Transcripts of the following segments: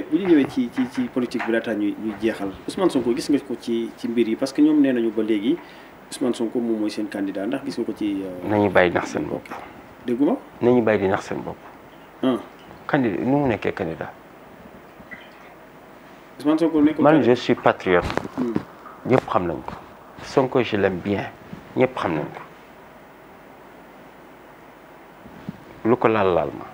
bu ñu ñëwee ci ci ci politique bi laataa ñuy ñuy jeexal Ousmane Sonko gis nga ko ci ci mbir yi parce que ñom nee ba légui Ousmane Sonko mo moy seen candidat ndax gis nga ko ci. Euh, nañu bàyyi nax seen bop déggu dégguma. nañu bàyyi di nax seen bop hmm ah. candidat nu mu nekkee candidat. Ousmane Sonko nekkul man je suis patriote. hmm ñepp xam nañ ko. Sonko je l'aime bien ñepp xam nañ ko. lu ko laal laal ma.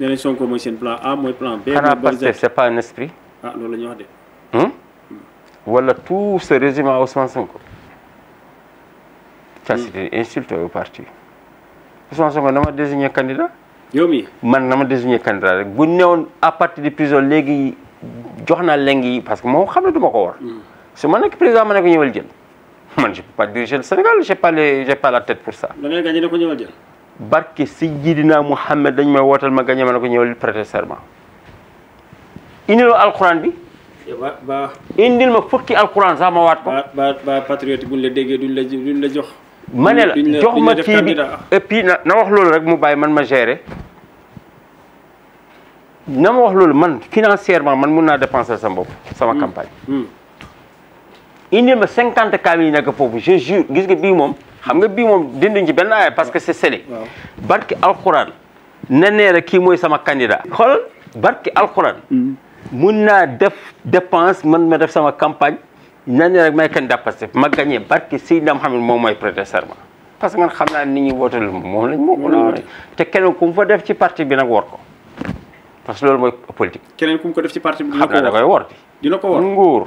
nee nañ Sonko mooy seen plan A mooy plan B. xanaa Pastef c' est pas un esprit. ah loolu la ñuy wax de. Hmm? wala tout ce régime à Ousmane Sonko. ça c' est une au parti. Ousmane Sonko na ma désigné candidat. yow mii man na ma désigné candidat rek bu newoon à partir de prison léegi jox naa leng yi parce que moom xam na du ma ko war. Hmm. su ma nekk président ma ne ko ñëwal jël man je peux pas diriger le Sénégal j'ai pas les j'ai pas la tête pour ça. da ngay gagné ne ko ñëwal jël. barke Sayyidina Muhammad dañ may wootal ma gañe ma ne ko ñëwal prêter serment indil ma alxuraan bi. indil ma fukki alxuraan sax ma waat ko. ba ba patriote buñ la déggee duñ la la jox. ma ne jox ma kii bi na na wax loolu rek mu bàyyi man ma gérer na ma wax loolu man financièrement man mun naa dépenser sama bopp sama hmm. campagne. Hmm. indil ma cinquante cas yi nekk foofu je gis nga bii moom. xam nga bii moom dinduñ ci benn aaya parce que c'est scellé barki alxuraan na nee rek kii mooy sama candidat xoolal barki alxuraan mm. mun naa def dépense man ma def sama campagne na nee rek may candidat Pastef ma gagné barki Seydina xam moom mooy prêter serment parce que man xam naa ni ñuy wootal moom lañ moom mm. te keneen ku mu def ci parti bi nag war ko parce que loolu mooy politique. keneen ku mu ko def ci parti bi. dina ko da koy war. dina ko war nguur.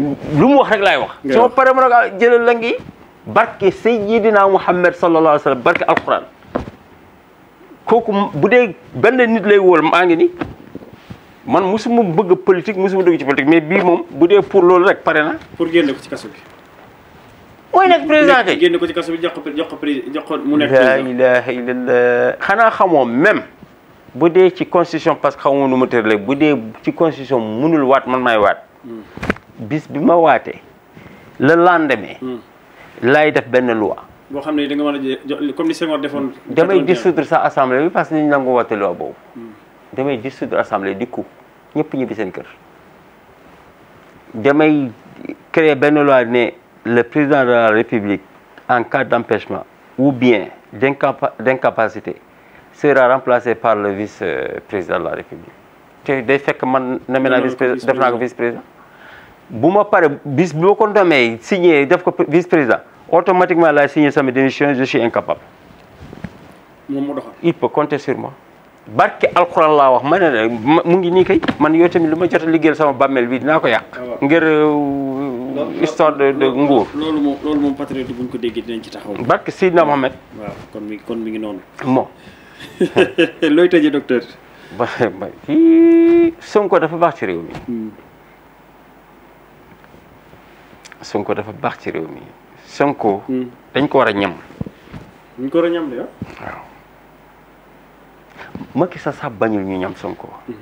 lu mu wax rek laay wax. su ma paree ma ne ko ah, jëlal la ngi barke Seydina Muhammad sallallahu alayhi wa sallam barke alquran bu dee benn nit lay wóol maa ngi ni man musuma bëgg politique musuma dugg ci politique mais bii moom bu dee pour loolu rek pare na. pour génne ko ci kaso bi. mooy nekk président ko ci kaso bi jox ko jox ko jox ko mu nekk. laa ilaaha illallah xanaa xamoo même bu dee ci constitution parce que xamoo nu mu tëralee bu dee ci constitution munul waat man waat. Hmm. bis bima waté le lendemain. Hmm. lay def ben loi. Vous xamné dit da nga mën a comme ni Senghor defoon. damay dissoudre sa assemblée bi parce ni ñu nangu woote loi bobu hmm. damay dissoudre assemblée di ko ñëpp ñibbi sen kër. damay créer ben loi né le président de la république en cas d'empêchement ou bien d'incapacité, sera remplacé par le vice euh, président de la république Tu as fait man. je suis vice président. bu ma pare bis boo ko ndomee signé def ko vice président automatiquement laay signé sama démission je suis incapable. moom mu doxal il peut compter sur barke alxuraan laa wax ma mu ngi nii kay man yow tamit lu ma jot a sama bàmmeel bi dinaa ko yàq. Ah ngir euh, histoire de de nguur. bu ñu ko déggee dinañ ci taxaw. barke Seydina Mohamed. waaw kon mi kon mi ngi noonu. moom. looy tëjee docteur. ba ba Sonko dafa baax mi. Hmm. Sonko dafa bax ci réew mi Sonko. Hmm. dañ ko war a ñam. ñu ko war a ñam de ah? waaw. Macky Sall sax bañul ñu ñam Sonko. Hmm.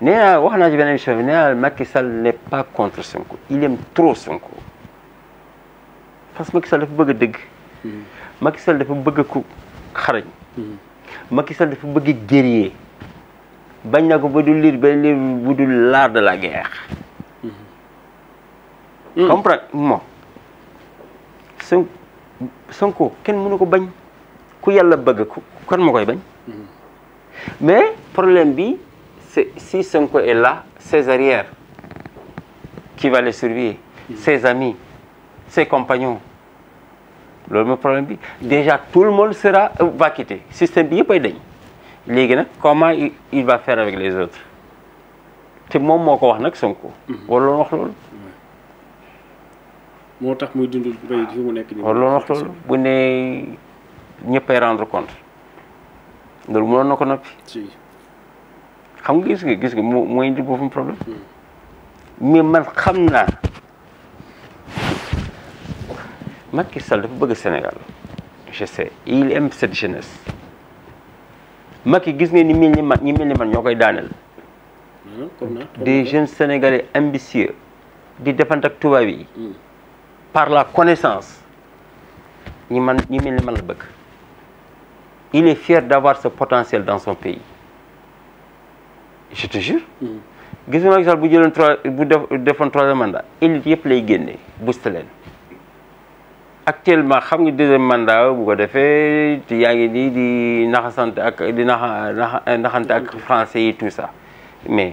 nee naa wax naa ci benn émission bi nee naa Macky Sall n'est pas contre Sonko il aime trop Sonko parce que Macky Sall dafa bëgg a dëgg. Hmm. Macky Sall dafa bëgg ku xarañ. Macky Sall dafa bëgg guerrier bañ na ko ba du liir ba liir bu dul l'art de la guerre comprends mm. moom Sonko Sonko kenn mënu ko bañ ku yàlla bëgg ce kan mm. mais problème bi c'est si Sonko est là ses arrières qui va le surveiller mm. ses amis ses compagnons Le problème bi déjà tout le monde sera euh, va quitter système bi yëpp pas dañ comment il va faire avec les autres C'est moom moo ko wax nag Sonko wala wax moo tax mu nekk nii. loolu wax loolu bu ne ñëppay rendre compte loolu mënoon na ko noppi. xam nga gis nga gis nga moo mooy indi boppam problème. Hmm. mais man xam naa Macky Sall dafa bëgg Sénégal je i il aime cette jeunesse Macky gis nga ni mel ni man ñi mel ni man ñoo koy daaneel. Ah, des jeunes sénégalais ambitieux di defante ak tubaab yi. Hmm. par la connaissance ñi man ñi mel ni man la il est fier d'avoir ce potentiel dans son pays je te jure hmm. gis nga Macky Sall bu jëloon trois bu defoon troisième mandat élite yëpp lay génne booster leen actuellement xam nga deuxième mandat bu ko defee yaa ngi nii di naxasante ak di naxa naxante ak mm-hmm. français yi tout ça mais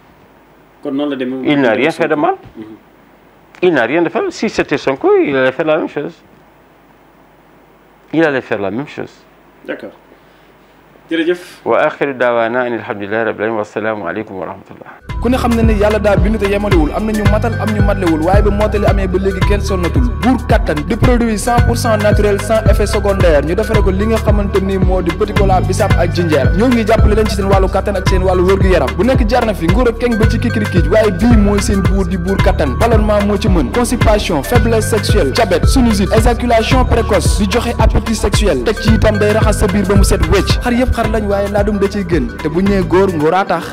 Mhm. il n'a rien fait de mal. il n'a rien fait si c'était son coup il allait faire la même chose il allait faire la même chose. d'accord. jërëjëf wa axiru daawaana an alhamdulillahi rabbil alamin wassalaamu aleykum wa rahmatullah ku ne xam ne ni yàlla daa bind te yemalewul am na ñu matal am ñu matlewul waaye ba mottali amee ba léegi kenn sonnatul buur kattan di produit cent pour cent naturel sans effet secondaire ñu defare ko li nga xamante ni moo di petit cola bisaab ak jinjeer ñoo ngi jàppale leen ci seen wàllu kattan ak seen wàllu wërgu-yaram bu nekk jar na fi nguur ak keng ba ci kikirikiij waaye bii mooy seen buur di buur kattan ballonnement moo ci mën constipation faiblesse sexuelle diabète sinusite éjaculation précoce di joxe appétit sexuel teg ci itam day raxas sa biir ba mu set wecc xar yëpp xar lañ waaye laadum da ciy gën te bu ñu nee góor ngóoraa tax